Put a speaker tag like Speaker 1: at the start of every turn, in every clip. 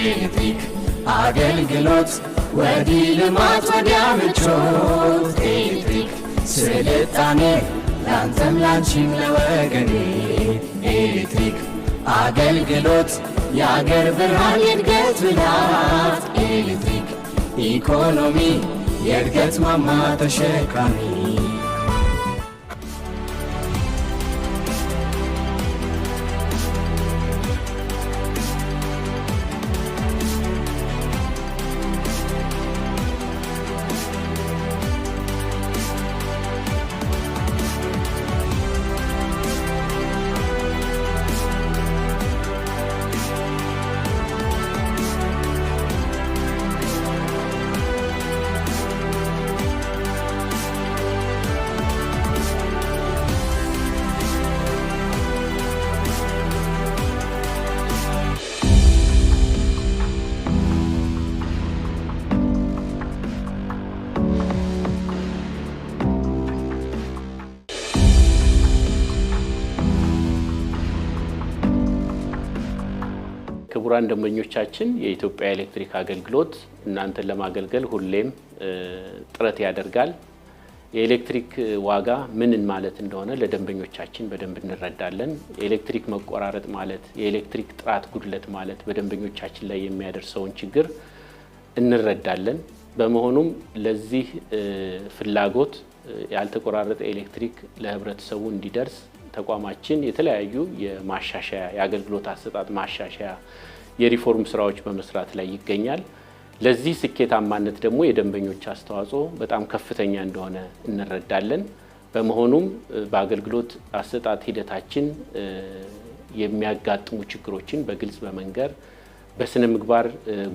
Speaker 1: ኤሌክትሪክ አገልግሎት ወዲህ ልማት ወዲያ ምቾት ኤሌክትሪክ ስልጣኔ ላንተም ላንቺም ለወገኔ ኤሌክትሪክ አገልግሎት የአገር ብርሃን የእድገት ብላት ኤሌክትሪክ ኢኮኖሚ የእድገት ማማ ተሸካሚ
Speaker 2: ክቡራን ደንበኞቻችን የኢትዮጵያ ኤሌክትሪክ አገልግሎት እናንተን ለማገልገል ሁሌም ጥረት ያደርጋል። የኤሌክትሪክ ዋጋ ምንን ማለት እንደሆነ ለደንበኞቻችን በደንብ እንረዳለን። የኤሌክትሪክ መቆራረጥ ማለት፣ የኤሌክትሪክ ጥራት ጉድለት ማለት በደንበኞቻችን ላይ የሚያደርሰውን ችግር እንረዳለን። በመሆኑም ለዚህ ፍላጎት ያልተቆራረጠ ኤሌክትሪክ ለህብረተሰቡ እንዲደርስ ተቋማችን የተለያዩ የማሻሻያ የአገልግሎት አሰጣጥ ማሻሻያ የሪፎርም ስራዎች በመስራት ላይ ይገኛል። ለዚህ ስኬታማነት ደግሞ የደንበኞች አስተዋጽኦ በጣም ከፍተኛ እንደሆነ እንረዳለን። በመሆኑም በአገልግሎት አሰጣጥ ሂደታችን የሚያጋጥሙ ችግሮችን በግልጽ በመንገር በስነ ምግባር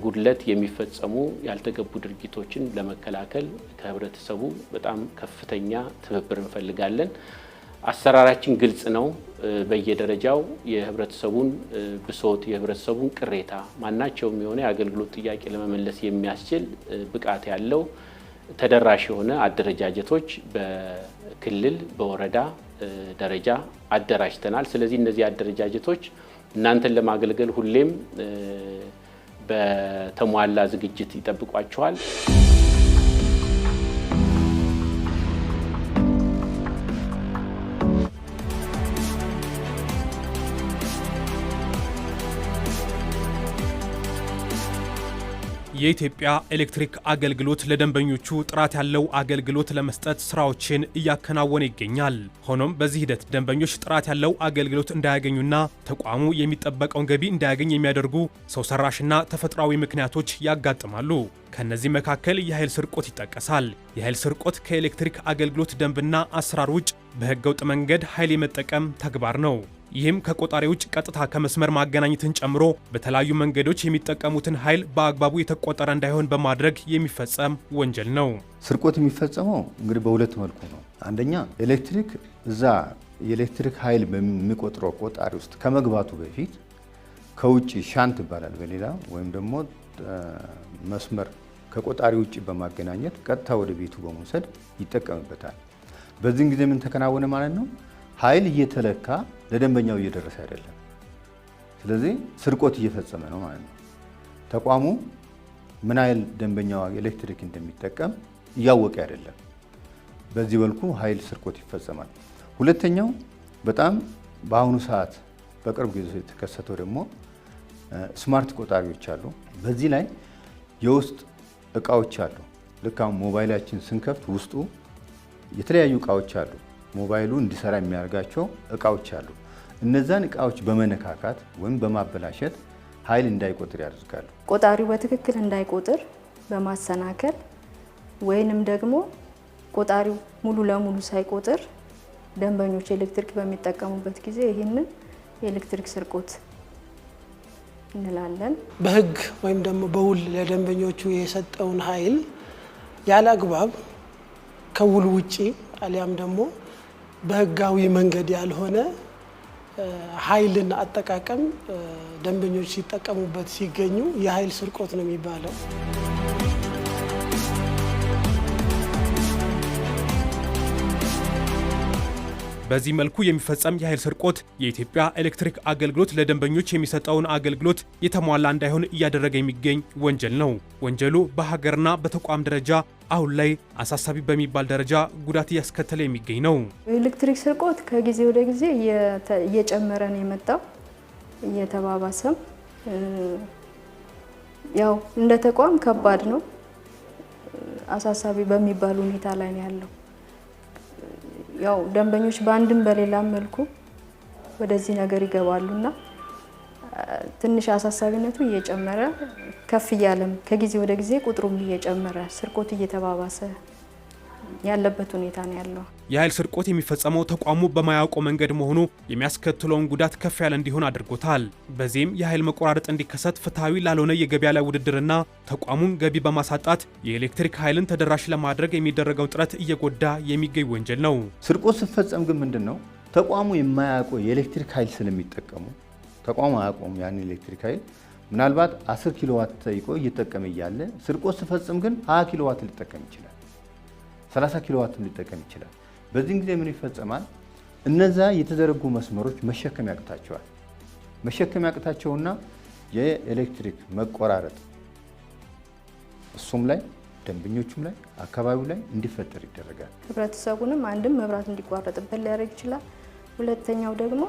Speaker 2: ጉድለት የሚፈጸሙ ያልተገቡ ድርጊቶችን ለመከላከል ከህብረተሰቡ በጣም ከፍተኛ ትብብር እንፈልጋለን። አሰራራችን ግልጽ ነው። በየደረጃው የህብረተሰቡን ብሶት፣ የህብረተሰቡን ቅሬታ ማናቸውም የሆነ የአገልግሎት ጥያቄ ለመመለስ የሚያስችል ብቃት ያለው ተደራሽ የሆነ አደረጃጀቶች በክልል በወረዳ ደረጃ አደራጅተናል። ስለዚህ እነዚህ አደረጃጀቶች እናንተን ለማገልገል ሁሌም በተሟላ ዝግጅት ይጠብቋቸዋል።
Speaker 3: የኢትዮጵያ ኤሌክትሪክ አገልግሎት ለደንበኞቹ ጥራት ያለው አገልግሎት ለመስጠት ስራዎችን እያከናወነ ይገኛል። ሆኖም በዚህ ሂደት ደንበኞች ጥራት ያለው አገልግሎት እንዳያገኙና ተቋሙ የሚጠበቀውን ገቢ እንዳያገኝ የሚያደርጉ ሰው ሰራሽና ተፈጥሯዊ ምክንያቶች ያጋጥማሉ። ከነዚህ መካከል የኃይል ስርቆት ይጠቀሳል። የኃይል ስርቆት ከኤሌክትሪክ አገልግሎት ደንብና አሰራር ውጭ በሕገ ወጥ መንገድ ኃይል የመጠቀም ተግባር ነው። ይህም ከቆጣሪ ውጭ ቀጥታ ከመስመር ማገናኘትን ጨምሮ በተለያዩ መንገዶች የሚጠቀሙትን ኃይል በአግባቡ የተቆጠረ እንዳይሆን በማድረግ የሚፈጸም ወንጀል ነው።
Speaker 4: ስርቆት የሚፈጸመው እንግዲህ በሁለት መልኩ ነው። አንደኛ ኤሌክትሪክ እዛ የኤሌክትሪክ ኃይል በሚቆጥረው ቆጣሪ ውስጥ ከመግባቱ በፊት ከውጭ ሻንት ይባላል በሌላ ወይም ደግሞ መስመር ከቆጣሪ ውጭ በማገናኘት ቀጥታ ወደ ቤቱ በመውሰድ ይጠቀምበታል። በዚህን ጊዜ ምን ተከናወነ ማለት ነው? ኃይል እየተለካ ለደንበኛው እየደረሰ አይደለም። ስለዚህ ስርቆት እየፈጸመ ነው ማለት ነው። ተቋሙ ምን ያህል ደንበኛው ኤሌክትሪክ እንደሚጠቀም እያወቀ አይደለም። በዚህ መልኩ ኃይል ስርቆት ይፈጸማል። ሁለተኛው በጣም በአሁኑ ሰዓት በቅርብ ጊዜ የተከሰተው ደግሞ ስማርት ቆጣሪዎች አሉ። በዚህ ላይ የውስጥ እቃዎች አሉ። ልክ አሁን ሞባይላችን ስንከፍት ውስጡ የተለያዩ እቃዎች አሉ። ሞባይሉ እንዲሰራ የሚያደርጋቸው እቃዎች አሉ። እነዛን እቃዎች በመነካካት ወይም በማበላሸት ኃይል እንዳይቆጥር ያደርጋሉ።
Speaker 5: ቆጣሪው በትክክል እንዳይቆጥር በማሰናከል ወይንም ደግሞ ቆጣሪው ሙሉ ለሙሉ ሳይቆጥር ደንበኞች ኤሌክትሪክ በሚጠቀሙበት ጊዜ ይህንን የኤሌክትሪክ ስርቆት
Speaker 6: እንላለን። በህግ ወይም ደግሞ በውል ለደንበኞቹ የሰጠውን ኃይል ያለ አግባብ ከውል ውጪ አሊያም ደግሞ በህጋዊ መንገድ ያልሆነ ኃይልን አጠቃቀም ደንበኞች ሲጠቀሙበት ሲገኙ የኃይል ስርቆት ነው የሚባለው።
Speaker 3: በዚህ መልኩ የሚፈጸም የኃይል ስርቆት የኢትዮጵያ ኤሌክትሪክ አገልግሎት ለደንበኞች የሚሰጠውን አገልግሎት የተሟላ እንዳይሆን እያደረገ የሚገኝ ወንጀል ነው። ወንጀሉ በሀገርና በተቋም ደረጃ አሁን ላይ አሳሳቢ በሚባል ደረጃ ጉዳት እያስከተለ የሚገኝ ነው።
Speaker 7: ኤሌክትሪክ ስርቆት ከጊዜ ወደ ጊዜ እየጨመረ ነው የመጣው እየተባባሰም ያው እንደ ተቋም ከባድ ነው። አሳሳቢ በሚባል ሁኔታ ላይ ነው ያለው። ያው ደንበኞች በአንድም በሌላም መልኩ ወደዚህ ነገር ይገባሉና ትንሽ አሳሳቢነቱ እየጨመረ ከፍ እያለም ከጊዜ ወደ ጊዜ ቁጥሩም እየጨመረ ስርቆት እየተባባሰ ያለበት ሁኔታ ነው ያለው።
Speaker 3: የኃይል ስርቆት የሚፈጸመው ተቋሙ በማያውቀው መንገድ መሆኑ የሚያስከትለውን ጉዳት ከፍ ያለ እንዲሆን አድርጎታል። በዚህም የኃይል መቆራረጥ እንዲከሰት ፍትሐዊ ላልሆነ የገበያ ላይ ውድድርና ተቋሙን ገቢ በማሳጣት የኤሌክትሪክ ኃይልን ተደራሽ ለማድረግ የሚደረገው ጥረት እየጎዳ የሚገኝ ወንጀል ነው።
Speaker 4: ስርቆት ስፈጸም ግን ምንድን ነው ተቋሙ የማያውቀው የኤሌክትሪክ ኃይል ስለሚጠቀሙ ተቋሙ አያውቀውም ያን ኤሌክትሪክ ኃይል ምናልባት 10 ኪሎዋት ተይቆ እየጠቀመ እያለ ስርቆት ስፈጽም ግን 20 ኪሎዋት ሊጠቀም ይችላል። 30 ኪሎ ዋትም ሊጠቀም ይችላል። በዚህ ጊዜ ምን ይፈጸማል? እነዛ የተዘረጉ መስመሮች መሸከም ያቅታቸዋል። መሸከም ያቅታቸውና የኤሌክትሪክ መቆራረጥ እሱም ላይ ደንበኞቹም ላይ አካባቢው ላይ እንዲፈጠር ይደረጋል።
Speaker 8: ህብረተሰቡንም አንድም መብራት እንዲቋረጥበት ሊያደርግ ይችላል። ሁለተኛው ደግሞ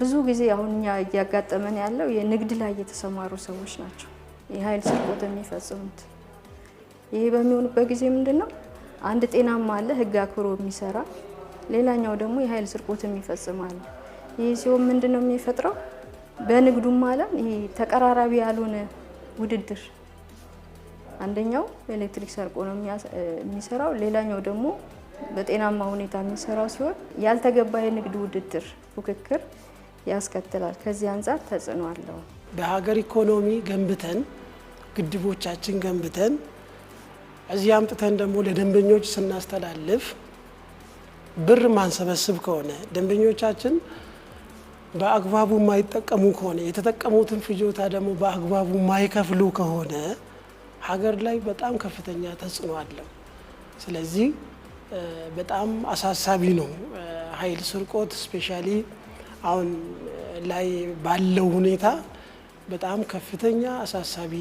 Speaker 8: ብዙ ጊዜ አሁን እኛ እያጋጠመን ያለው የንግድ ላይ የተሰማሩ ሰዎች ናቸው የኃይል ስርቆት የሚፈጽሙት። ይሄ በሚሆንበት ጊዜ ምንድን ነው አንድ ጤናማ አለ ህግ አክብሮ የሚሰራ ሌላኛው ደግሞ የኃይል ስርቆት የሚፈጽም አለ። ይህ ሲሆን ምንድን ነው የሚፈጥረው በንግዱም አለም ይሄ ተቀራራቢ ያልሆነ ውድድር አንደኛው ኤሌክትሪክ ሰርቆ ነው የሚሰራው፣ ሌላኛው ደግሞ በጤናማ ሁኔታ የሚሰራው ሲሆን ያልተገባ የንግድ ውድድር ፉክክር ያስከትላል። ከዚህ አንጻር ተጽዕኖ አለው።
Speaker 6: በሀገር ኢኮኖሚ ገንብተን ግድቦቻችን ገንብተን እዚህ አምጥተን ደግሞ ለደንበኞች ስናስተላልፍ ብር ማንሰበስብ ከሆነ ደንበኞቻችን በአግባቡ የማይጠቀሙ ከሆነ የተጠቀሙትን ፍጆታ ደግሞ በአግባቡ የማይከፍሉ ከሆነ ሀገር ላይ በጣም ከፍተኛ ተጽዕኖ አለው። ስለዚህ በጣም አሳሳቢ ነው ኃይል ስርቆት ስፔሻሊ አሁን ላይ ባለው ሁኔታ በጣም ከፍተኛ አሳሳቢ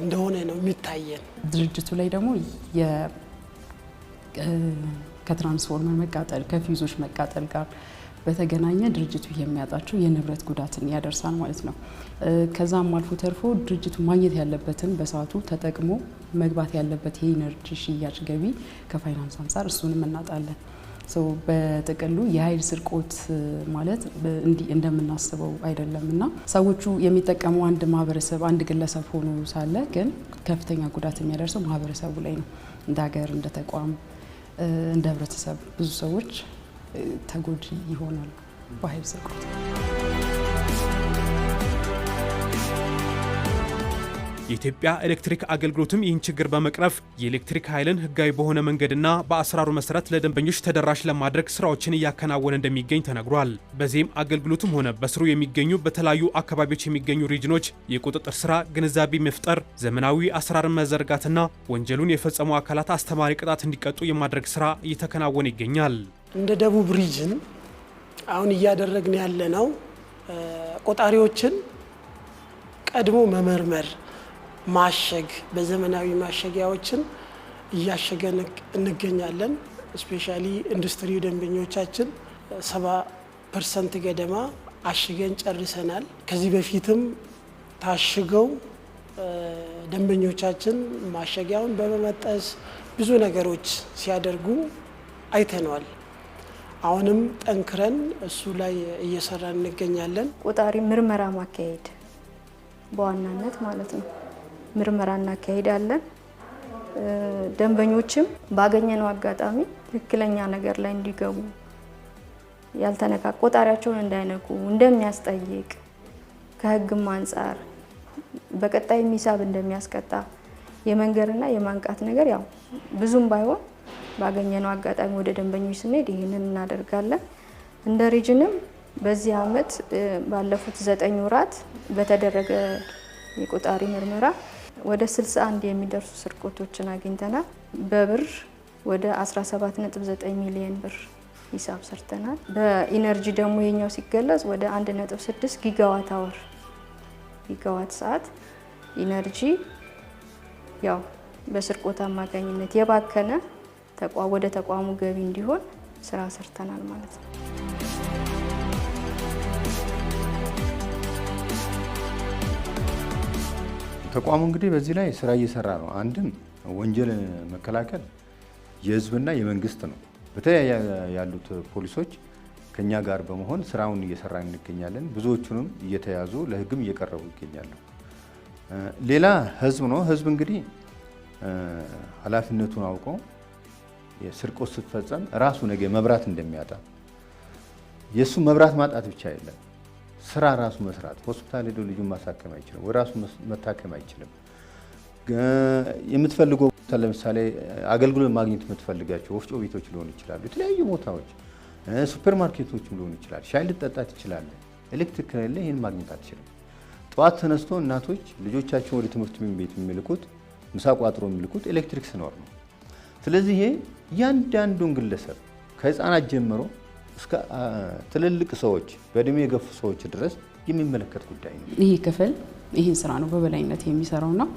Speaker 6: እንደሆነ ነው የሚታየን።
Speaker 9: ድርጅቱ ላይ ደግሞ ከትራንስፎርመር መቃጠል ከፊውዞች መቃጠል ጋር በተገናኘ ድርጅቱ የሚያጣቸው የንብረት ጉዳትን ያደርሳል ማለት ነው። ከዛም አልፎ ተርፎ ድርጅቱ ማግኘት ያለበትን በሰዓቱ ተጠቅሞ መግባት ያለበት የኢነርጂ ሽያጭ ገቢ ከፋይናንስ አንጻር እሱንም እናጣለን። በጥቅሉ የኃይል ስርቆት ማለት እንዲህ እንደምናስበው አይደለም እና ሰዎቹ የሚጠቀሙ አንድ ማህበረሰብ አንድ ግለሰብ ሆኖ ሳለ ግን ከፍተኛ ጉዳት የሚያደርሰው ማህበረሰቡ ላይ ነው። እንደ ሀገር፣ እንደ ተቋም፣ እንደ ህብረተሰብ ብዙ ሰዎች ተጎጂ ይሆናሉ በኃይል ስርቆት።
Speaker 3: የኢትዮጵያ ኤሌክትሪክ አገልግሎትም ይህን ችግር በመቅረፍ የኤሌክትሪክ ኃይልን ህጋዊ በሆነ መንገድና በአሰራሩ መሰረት ለደንበኞች ተደራሽ ለማድረግ ስራዎችን እያከናወነ እንደሚገኝ ተነግሯል። በዚህም አገልግሎቱም ሆነ በስሩ የሚገኙ በተለያዩ አካባቢዎች የሚገኙ ሪጅኖች የቁጥጥር ስራ ግንዛቤ መፍጠር፣ ዘመናዊ አሰራርን መዘርጋትና ወንጀሉን የፈጸሙ አካላት አስተማሪ ቅጣት እንዲቀጡ የማድረግ ስራ እየተከናወነ ይገኛል።
Speaker 6: እንደ ደቡብ ሪጅን አሁን እያደረግን ያለነው ቆጣሪዎችን ቀድሞ መመርመር ማሸግ በዘመናዊ ማሸጊያዎችን እያሸገ እንገኛለን። ስፔሻሊ ኢንዱስትሪ ደንበኞቻችን ሰባ ፐርሰንት ገደማ አሽገን ጨርሰናል። ከዚህ በፊትም ታሽገው ደንበኞቻችን ማሸጊያውን በመመጠስ ብዙ ነገሮች ሲያደርጉ አይተነዋል። አሁንም ጠንክረን እሱ ላይ እየሰራን እንገኛለን።
Speaker 8: ቆጣሪ ምርመራ ማካሄድ በዋናነት ማለት ነው። ምርመራ እናካሄዳለን። ደንበኞችም ባገኘነው አጋጣሚ ትክክለኛ ነገር ላይ እንዲገቡ ያልተነካ ቆጣሪያቸውን እንዳይነኩ እንደሚያስጠይቅ ከህግም አንጻር በቀጣይ ሚሳብ እንደሚያስቀጣ የመንገርና የማንቃት ነገር ያው ብዙም ባይሆን ባገኘነው አጋጣሚ ወደ ደንበኞች ስንሄድ ይህንን እናደርጋለን። እንደ ሪጅንም በዚህ አመት ባለፉት ዘጠኝ ወራት በተደረገ የቆጣሪ ምርመራ ወደ 61 የሚደርሱ ስርቆቶችን አግኝተናል። በብር ወደ 17.9 ሚሊዮን ብር ሂሳብ ሰርተናል። በኢነርጂ ደግሞ የኛው ሲገለጽ ወደ 1.6 ጊጋዋት አወር ጊጋዋት ሰዓት ኢነርጂ ያው በስርቆት አማካኝነት የባከነ ወደ ተቋሙ ገቢ እንዲሆን ስራ ሰርተናል ማለት ነው።
Speaker 4: ተቋሙ እንግዲህ በዚህ ላይ ስራ እየሰራ ነው። አንድም ወንጀል መከላከል የህዝብና የመንግስት ነው። በተለያየ ያሉት ፖሊሶች ከኛ ጋር በመሆን ስራውን እየሰራ እንገኛለን። ብዙዎቹንም እየተያዙ ለህግም እየቀረቡ ይገኛሉ። ሌላ ህዝብ ነው። ህዝብ እንግዲህ ኃላፊነቱን አውቆ ስርቆት ስትፈጸም ራሱ ነገ መብራት እንደሚያጣ የእሱ መብራት ማጣት ብቻ የለም ስራ ራሱ መስራት ሆስፒታል ሄዶ ልጁን ማሳከም አይችልም፣ ወይ ራሱ መታከም አይችልም። የምትፈልገው ለምሳሌ አገልግሎት ማግኘት የምትፈልጋቸው ወፍጮ ቤቶች ሊሆኑ ይችላሉ፣ የተለያዩ ቦታዎች፣ ሱፐር ማርኬቶችም ሊሆኑ ይችላል። ሻይ ልጠጣ ትችላለህ፣ ኤሌክትሪክ ከሌለ ይህን ማግኘት አትችልም። ጠዋት ተነስቶ እናቶች ልጆቻቸውን ወደ ትምህርት ቤት የሚልኩት ምሳ ቋጥሮ የሚልኩት ኤሌክትሪክ ሲኖር ነው። ስለዚህ ይሄ እያንዳንዱን ግለሰብ ከህፃናት ጀምሮ እስከ ትልልቅ ሰዎች በእድሜ የገፉ ሰዎች ድረስ የሚመለከት ጉዳይ
Speaker 9: ነው። ይህ ክፍል ይህን ስራ ነው በበላይነት የሚሰራው ነው።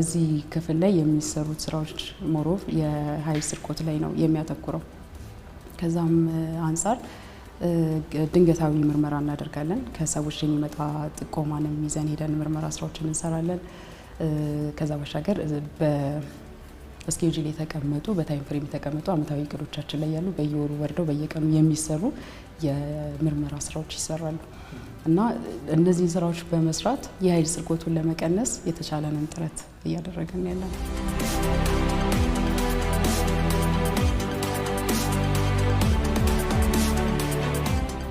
Speaker 9: እዚህ ክፍል ላይ የሚሰሩት ስራዎች ሞሮፍ የሀይ ስርቆት ላይ ነው የሚያተኩረው። ከዛም አንጻር ድንገታዊ ምርመራ እናደርጋለን። ከሰዎች የሚመጣ ጥቆማንም ይዘን ሄደን ምርመራ ስራዎችን እንሰራለን። ከዛ ባሻገር በስኬጁል የተቀመጡ በታይም ፍሬም የተቀመጡ አመታዊ እቅዶቻችን ላይ ያሉ በየወሩ ወርደው በየቀኑ የሚሰሩ የምርመራ ስራዎች ይሰራሉ እና እነዚህን ስራዎች በመስራት የኃይል ስርቆቱን ለመቀነስ የተቻለንን ጥረት እያደረግን ያለን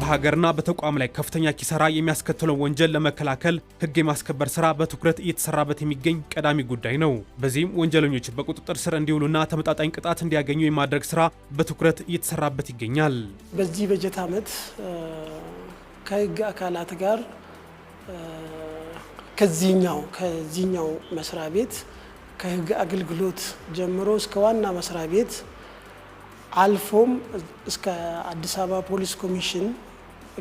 Speaker 3: በሀገርና በተቋም ላይ ከፍተኛ ኪሳራ የሚያስከትለውን ወንጀል ለመከላከል ህግ የማስከበር ስራ በትኩረት እየተሰራበት የሚገኝ ቀዳሚ ጉዳይ ነው። በዚህም ወንጀለኞች በቁጥጥር ስር እንዲውሉና ተመጣጣኝ ቅጣት እንዲያገኙ የማድረግ ስራ በትኩረት እየተሰራበት
Speaker 6: ይገኛል። በዚህ በጀት ዓመት ከህግ አካላት ጋር ከዚህኛው ከዚህኛው መስሪያ ቤት ከህግ አገልግሎት ጀምሮ እስከ ዋና መስሪያ ቤት አልፎም እስከ አዲስ አበባ ፖሊስ ኮሚሽን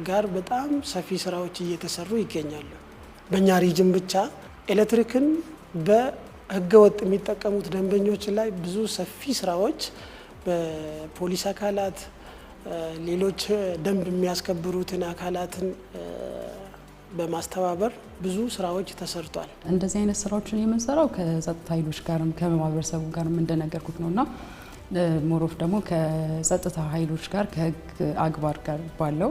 Speaker 6: ጋር በጣም ሰፊ ስራዎች እየተሰሩ ይገኛሉ። በእኛ ሪጅን ብቻ ኤሌክትሪክን በህገወጥ የሚጠቀሙት ደንበኞች ላይ ብዙ ሰፊ ስራዎች በፖሊስ አካላት፣ ሌሎች ደንብ የሚያስከብሩትን አካላትን በማስተባበር ብዙ ስራዎች ተሰርቷል።
Speaker 9: እንደዚህ አይነት ስራዎችን የምንሰራው ከጸጥታ ኃይሎች ጋርም ከማህበረሰቡ ጋርም እንደነገርኩት ነው እና ሞሮፍ ደግሞ ከጸጥታ ኃይሎች ጋር ከህግ አግባር ጋር ባለው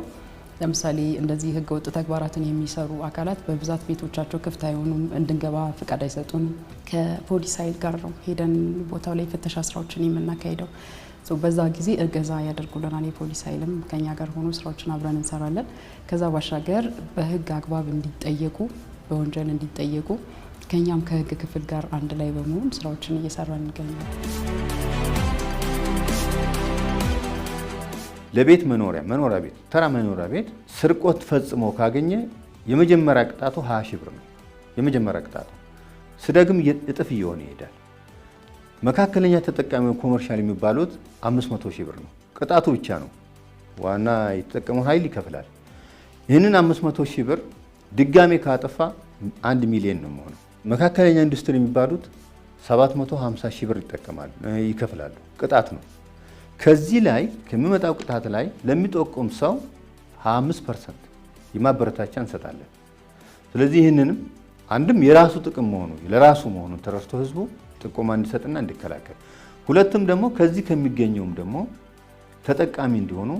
Speaker 9: ለምሳሌ እንደዚህ ወጥ ተግባራትን የሚሰሩ አካላት በብዛት ቤቶቻቸው ክፍት አይሆኑም፣ እንድንገባ ፍቃድ አይሰጡንም። ከፖሊስ ኃይል ጋር ነው ሄደን ቦታው ላይ ፍተሻ ስራዎችን የምናካሄደው። በዛ ጊዜ እገዛ ያደርጉልናል። የፖሊስ ኃይልም ከኛ ጋር ሆኖ ስራዎችን አብረን እንሰራለን። ከዛ ባሻገር በህግ አግባብ እንዲጠየቁ፣ በወንጀል እንዲጠየቁ ከኛም ከህግ ክፍል ጋር አንድ ላይ በመሆን ስራዎችን እየሰራን እንገኛለን።
Speaker 4: ለቤት መኖሪያ መኖሪያ ቤት ተራ መኖሪያ ቤት ስርቆት ፈጽሞ ካገኘ የመጀመሪያ ቅጣቱ ሀያ ሺህ ብር ነው። የመጀመሪያ ቅጣቱ ስደግም እጥፍ እየሆነ ይሄዳል። መካከለኛ ተጠቃሚ ኮመርሻል የሚባሉት 500 ሺህ ብር ነው ቅጣቱ ብቻ ነው። ዋና የተጠቀመው ኃይል ይከፍላል። ይህንን 500 ሺህ ብር ድጋሜ ካጠፋ 1 ሚሊዮን ነው መሆኑ። መካከለኛ ኢንዱስትሪ የሚባሉት 750 መቶ ሺህ ብር ይጠቀማሉ ይከፍላሉ። ቅጣት ነው። ከዚህ ላይ ከሚመጣው ቅጣት ላይ ለሚጠቁም ሰው 25 ፐርሰንት የማበረታቻ እንሰጣለን። ስለዚህ ይህንንም አንድም የራሱ ጥቅም መሆኑ ለራሱ መሆኑ ተረድቶ ህዝቡ ጥቆማ እንዲሰጥና እንዲከላከል፣ ሁለትም ደግሞ ከዚህ ከሚገኘውም ደግሞ ተጠቃሚ እንዲሆኑ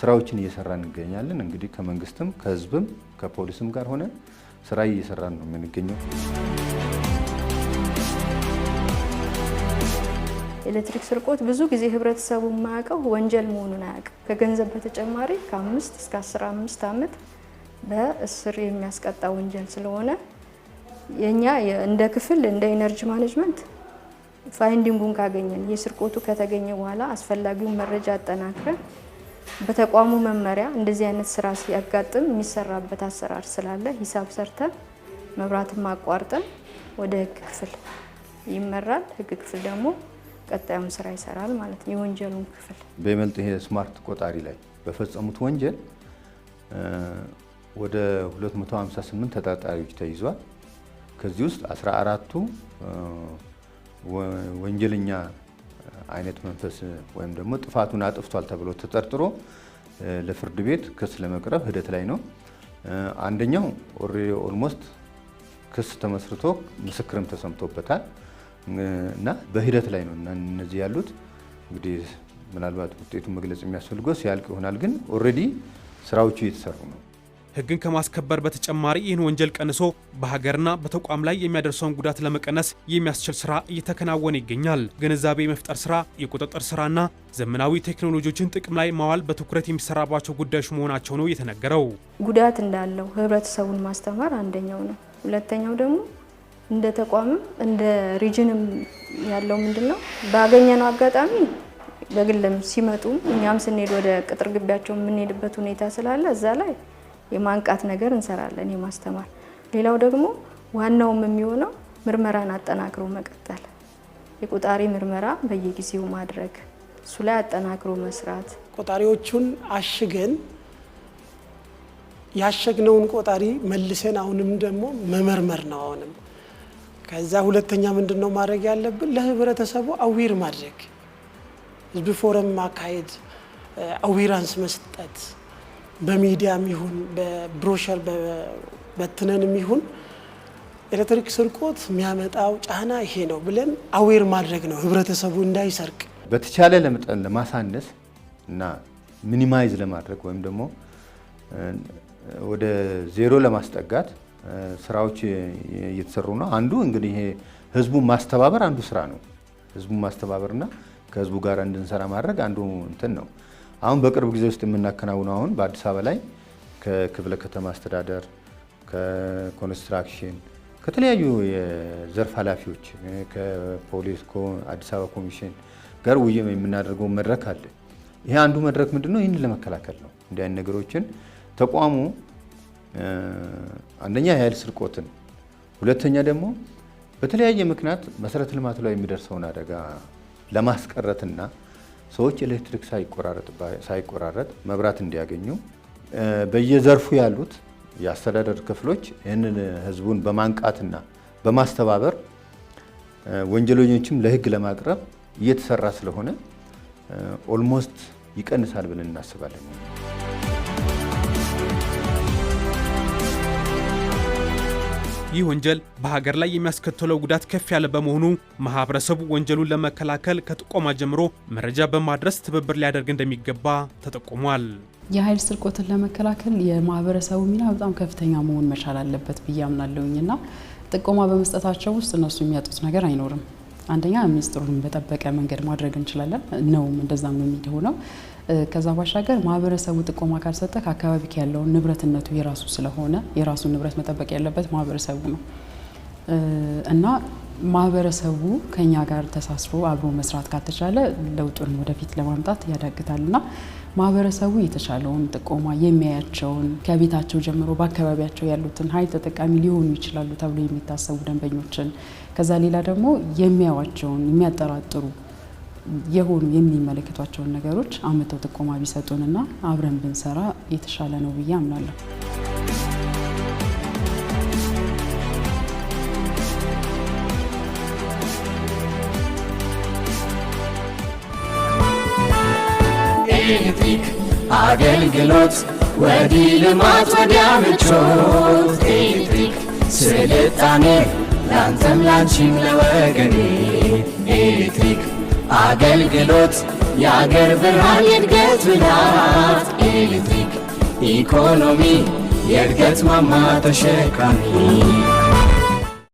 Speaker 4: ስራዎችን እየሰራን እንገኛለን። እንግዲህ ከመንግስትም ከህዝብም ከፖሊስም ጋር ሆነ ስራ እየሰራን ነው የምንገኘው።
Speaker 8: ኤሌክትሪክ ስርቆት ብዙ ጊዜ ህብረተሰቡ የማያውቀው ወንጀል መሆኑን አያውቅም። ከገንዘብ በተጨማሪ ከአምስት እስከ አስራ አምስት ዓመት በእስር የሚያስቀጣ ወንጀል ስለሆነ የእኛ እንደ ክፍል እንደ ኢነርጂ ማኔጅመንት ፋይንዲንጉን ካገኘን የስርቆቱ ከተገኘ በኋላ አስፈላጊውን መረጃ አጠናክረን በተቋሙ መመሪያ እንደዚህ አይነት ስራ ሲያጋጥም የሚሰራበት አሰራር ስላለ ሂሳብ ሰርተን መብራትን ማቋርጠን ወደ ህግ ክፍል ይመራል። ህግ ክፍል ደግሞ ቀጣዩን ስራ ይሰራል ማለት ነው። የወንጀሉን ክፍል
Speaker 4: በይበልጥ ይሄ ስማርት ቆጣሪ ላይ በፈጸሙት ወንጀል ወደ 258 ተጠርጣሪዎች ተይዟል። ከዚህ ውስጥ 14ቱ ወንጀለኛ አይነት መንፈስ ወይም ደግሞ ጥፋቱን አጥፍቷል ተብሎ ተጠርጥሮ ለፍርድ ቤት ክስ ለመቅረብ ሂደት ላይ ነው። አንደኛው ኦልሞስት ክስ ተመስርቶ ምስክርም ተሰምቶበታል። እና በሂደት ላይ ነው እና እነዚህ ያሉት እንግዲህ ምናልባት ውጤቱን መግለጽ የሚያስፈልገው ሲያልቅ ይሆናል። ግን ኦልሬዲ ስራዎቹ እየተሰሩ ነው።
Speaker 3: ህግን ከማስከበር በተጨማሪ ይህን ወንጀል ቀንሶ በሀገርና በተቋም ላይ የሚያደርሰውን ጉዳት ለመቀነስ የሚያስችል ስራ እየተከናወነ ይገኛል። ግንዛቤ የመፍጠር ስራ፣ የቁጥጥር ስራና ዘመናዊ ቴክኖሎጂዎችን ጥቅም ላይ ማዋል በትኩረት የሚሰራባቸው ጉዳዮች መሆናቸው ነው የተነገረው።
Speaker 8: ጉዳት እንዳለው ህብረተሰቡን ማስተማር አንደኛው ነው። ሁለተኛው ደግሞ እንደ ተቋምም እንደ ሪጅንም ያለው ምንድን ነው ባገኘነው አጋጣሚ በግልም ሲመጡም እኛም ስንሄድ ወደ ቅጥር ግቢያቸው የምንሄድበት ሁኔታ ስላለ እዛ ላይ የማንቃት ነገር እንሰራለን፣ የማስተማር ሌላው ደግሞ ዋናውም የሚሆነው ምርመራን አጠናክሮ መቀጠል፣ የቆጣሪ ምርመራ በየጊዜው ማድረግ፣ እሱ ላይ አጠናክሮ መስራት።
Speaker 6: ቆጣሪዎቹን አሽገን ያሸግነውን ቆጣሪ መልሰን አሁንም ደግሞ መመርመር ነው አሁንም ከዛ ሁለተኛ ምንድን ነው ማድረግ ያለብን? ለህብረተሰቡ አዊር ማድረግ ህዝብ ፎረም ማካሄድ፣ አዊራንስ መስጠት በሚዲያም ይሁን በብሮሸር በትነንም ይሁን ኤሌክትሪክ ስርቆት የሚያመጣው ጫና ይሄ ነው ብለን አዌር ማድረግ ነው ህብረተሰቡ እንዳይሰርቅ
Speaker 4: በተቻለ ለመጠን ለማሳነስ እና ሚኒማይዝ ለማድረግ ወይም ደግሞ ወደ ዜሮ ለማስጠጋት ስራዎች እየተሰሩ ነው። አንዱ እንግዲህ ህዝቡን ማስተባበር አንዱ ስራ ነው። ህዝቡን ማስተባበርና ከህዝቡ ጋር እንድንሰራ ማድረግ አንዱ እንትን ነው። አሁን በቅርብ ጊዜ ውስጥ የምናከናውነው አሁን በአዲስ አበባ ላይ ከክፍለ ከተማ አስተዳደር፣ ከኮንስትራክሽን፣ ከተለያዩ የዘርፍ ኃላፊዎች ከፖሊስ አዲስ አበባ ኮሚሽን ጋር ውይ የምናደርገው መድረክ አለ። ይሄ አንዱ መድረክ ምንድን ነው? ይህንን ለመከላከል ነው። እንዲህ አይነት ነገሮችን ተቋሙ አንደኛ የኃይል ስርቆትን፣ ሁለተኛ ደግሞ በተለያየ ምክንያት መሰረተ ልማት ላይ የሚደርሰውን አደጋ ለማስቀረትና ሰዎች ኤሌክትሪክ ሳይቆራረጥ መብራት እንዲያገኙ በየዘርፉ ያሉት የአስተዳደር ክፍሎች ይህንን ህዝቡን በማንቃትና በማስተባበር ወንጀለኞችም ለህግ ለማቅረብ እየተሰራ ስለሆነ ኦልሞስት ይቀንሳል ብለን እናስባለን።
Speaker 3: ይህ ወንጀል በሀገር ላይ የሚያስከትለው ጉዳት ከፍ ያለ በመሆኑ ማህበረሰቡ ወንጀሉን ለመከላከል ከጥቆማ ጀምሮ መረጃ በማድረስ ትብብር ሊያደርግ እንደሚገባ ተጠቁሟል።
Speaker 9: የኃይል ስርቆትን ለመከላከል የማህበረሰቡ ሚና በጣም ከፍተኛ መሆን መቻል አለበት ብዬ አምናለሁኝና ጥቆማ በመስጠታቸው ውስጥ እነሱ የሚያጡት ነገር አይኖርም። አንደኛ ሚስጥሩን በጠበቀ መንገድ ማድረግ እንችላለን ነው እንደዛም የሚሆነው። ከዛ ባሻገር ማህበረሰቡ ጥቆማ ካልሰጠ ከአካባቢ ያለውን ንብረትነቱ የራሱ ስለሆነ የራሱን ንብረት መጠበቅ ያለበት ማህበረሰቡ ነው እና ማህበረሰቡ ከኛ ጋር ተሳስሮ አብሮ መስራት ካልተቻለ ለውጡን ወደፊት ለማምጣት ያዳግታል እና ማህበረሰቡ የተሻለውን ጥቆማ የሚያያቸውን ከቤታቸው ጀምሮ በአካባቢያቸው ያሉትን ኃይል ተጠቃሚ ሊሆኑ ይችላሉ ተብሎ የሚታሰቡ ደንበኞችን ከዛ ሌላ ደግሞ የሚያዋቸውን የሚያጠራጥሩ የሆኑ የሚመለከቷቸውን ነገሮች አምተው ጥቆማ ቢሰጡንና አብረን ብንሰራ የተሻለ ነው ብዬ አምናለሁ።
Speaker 1: ኤሌክትሪክ አገልግሎት ወዲህ ልማት ወዲያ ምቾት ኤሌክትሪክ ስልጣኔ ለአንተም ላንቺም ለወገኔ ኤሌክትሪክ አገልግሎት የአገር ብርሃን የእድገት ብላት ኤሌክትሪክ ኢኮኖሚ የእድገት ማማ ተሸካሚ